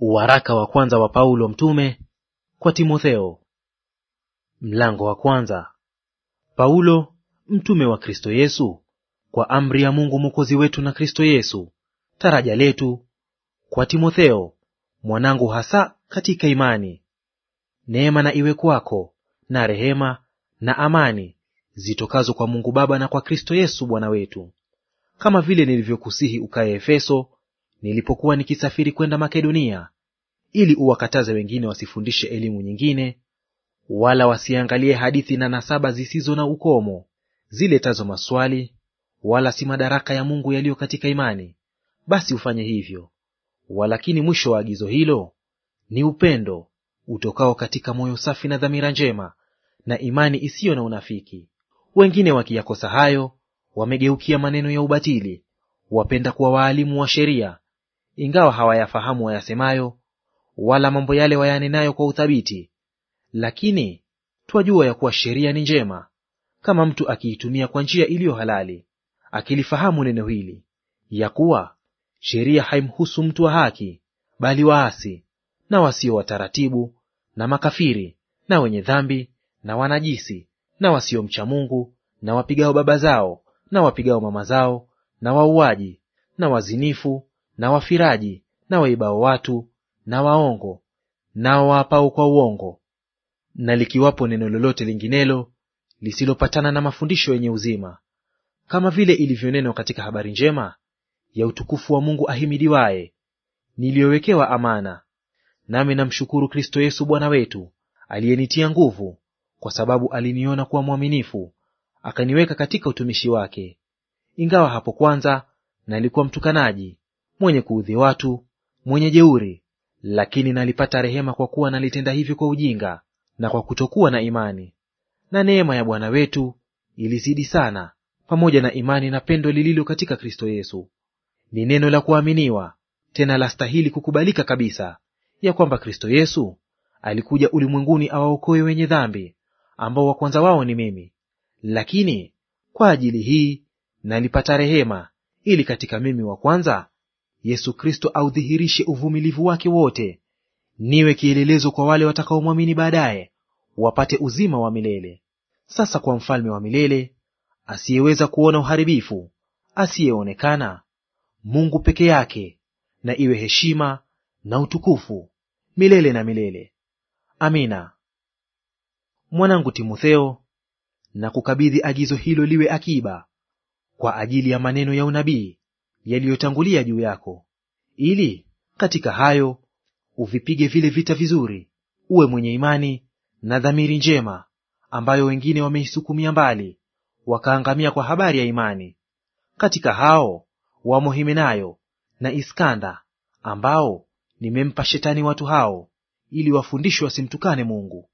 Uwaraka wa kwanza wa Paulo mtume kwa Timotheo. Mlango wa kwanza. Paulo mtume wa Kristo Yesu kwa amri ya Mungu Mwokozi wetu na Kristo Yesu taraja letu, kwa Timotheo mwanangu hasa katika imani. Neema na iwe kwako na rehema na amani zitokazo kwa Mungu Baba na kwa Kristo Yesu Bwana wetu. Kama vile nilivyokusihi ukae Efeso nilipokuwa nikisafiri kwenda Makedonia, ili uwakataze wengine wasifundishe elimu nyingine, wala wasiangalie hadithi na nasaba zisizo na ukomo ziletazo maswali, wala si madaraka ya Mungu yaliyo katika imani, basi ufanye hivyo. Walakini mwisho wa agizo hilo ni upendo utokao katika moyo safi na dhamira njema na imani isiyo na unafiki. Wengine wakiyakosa hayo, wamegeukia maneno ya ubatili, wapenda kuwa waalimu wa sheria, ingawa hawayafahamu wayasemayo, wala mambo yale wayanenayo kwa uthabiti. Lakini twajua ya kuwa sheria ni njema, kama mtu akiitumia kwa njia iliyo halali, akilifahamu neno hili, ya kuwa sheria haimhusu mtu wa haki, bali waasi na wasio wataratibu na makafiri na wenye dhambi na wanajisi na wasiomcha Mungu na wapigao baba zao na wapigao mama zao na wauaji na wazinifu na wafiraji na waibao watu na waongo nao waapao kwa uongo, na likiwapo neno lolote linginelo lisilopatana na mafundisho yenye uzima, kama vile ilivyonenwa katika habari njema ya utukufu wa Mungu ahimidiwaye, niliyowekewa amana. Nami namshukuru Kristo Yesu Bwana wetu, aliyenitia nguvu, kwa sababu aliniona kuwa mwaminifu, akaniweka katika utumishi wake. Ingawa hapo kwanza nalikuwa mtukanaji, mwenye kuudhi watu, mwenye jeuri, lakini nalipata rehema kwa kuwa nalitenda hivi kwa ujinga na kwa kutokuwa na imani. Na neema ya Bwana wetu ilizidi sana, pamoja na imani na pendo lililo katika Kristo Yesu. Ni neno la kuaminiwa tena lastahili kukubalika kabisa, ya kwamba Kristo Yesu alikuja ulimwenguni awaokoe wenye dhambi, ambao wa kwanza wao ni mimi. Lakini kwa ajili hii nalipata rehema, ili katika mimi wa kwanza Yesu Kristo audhihirishe uvumilivu wake wote, niwe kielelezo kwa wale watakaomwamini baadaye, wapate uzima wa milele. Sasa kwa mfalme wa milele, asiyeweza kuona uharibifu, asiyeonekana, Mungu peke yake, na iwe heshima na utukufu milele na milele. Amina. Mwanangu Timotheo, na kukabidhi agizo hilo liwe akiba kwa ajili ya maneno ya unabii yaliyotangulia juu yako, ili katika hayo uvipige vile vita vizuri, uwe mwenye imani na dhamiri njema, ambayo wengine wameisukumia mbali, wakaangamia kwa habari ya imani. Katika hao wamo Himenayo na Iskanda, ambao nimempa Shetani watu hao, ili wafundishwe wasimtukane Mungu.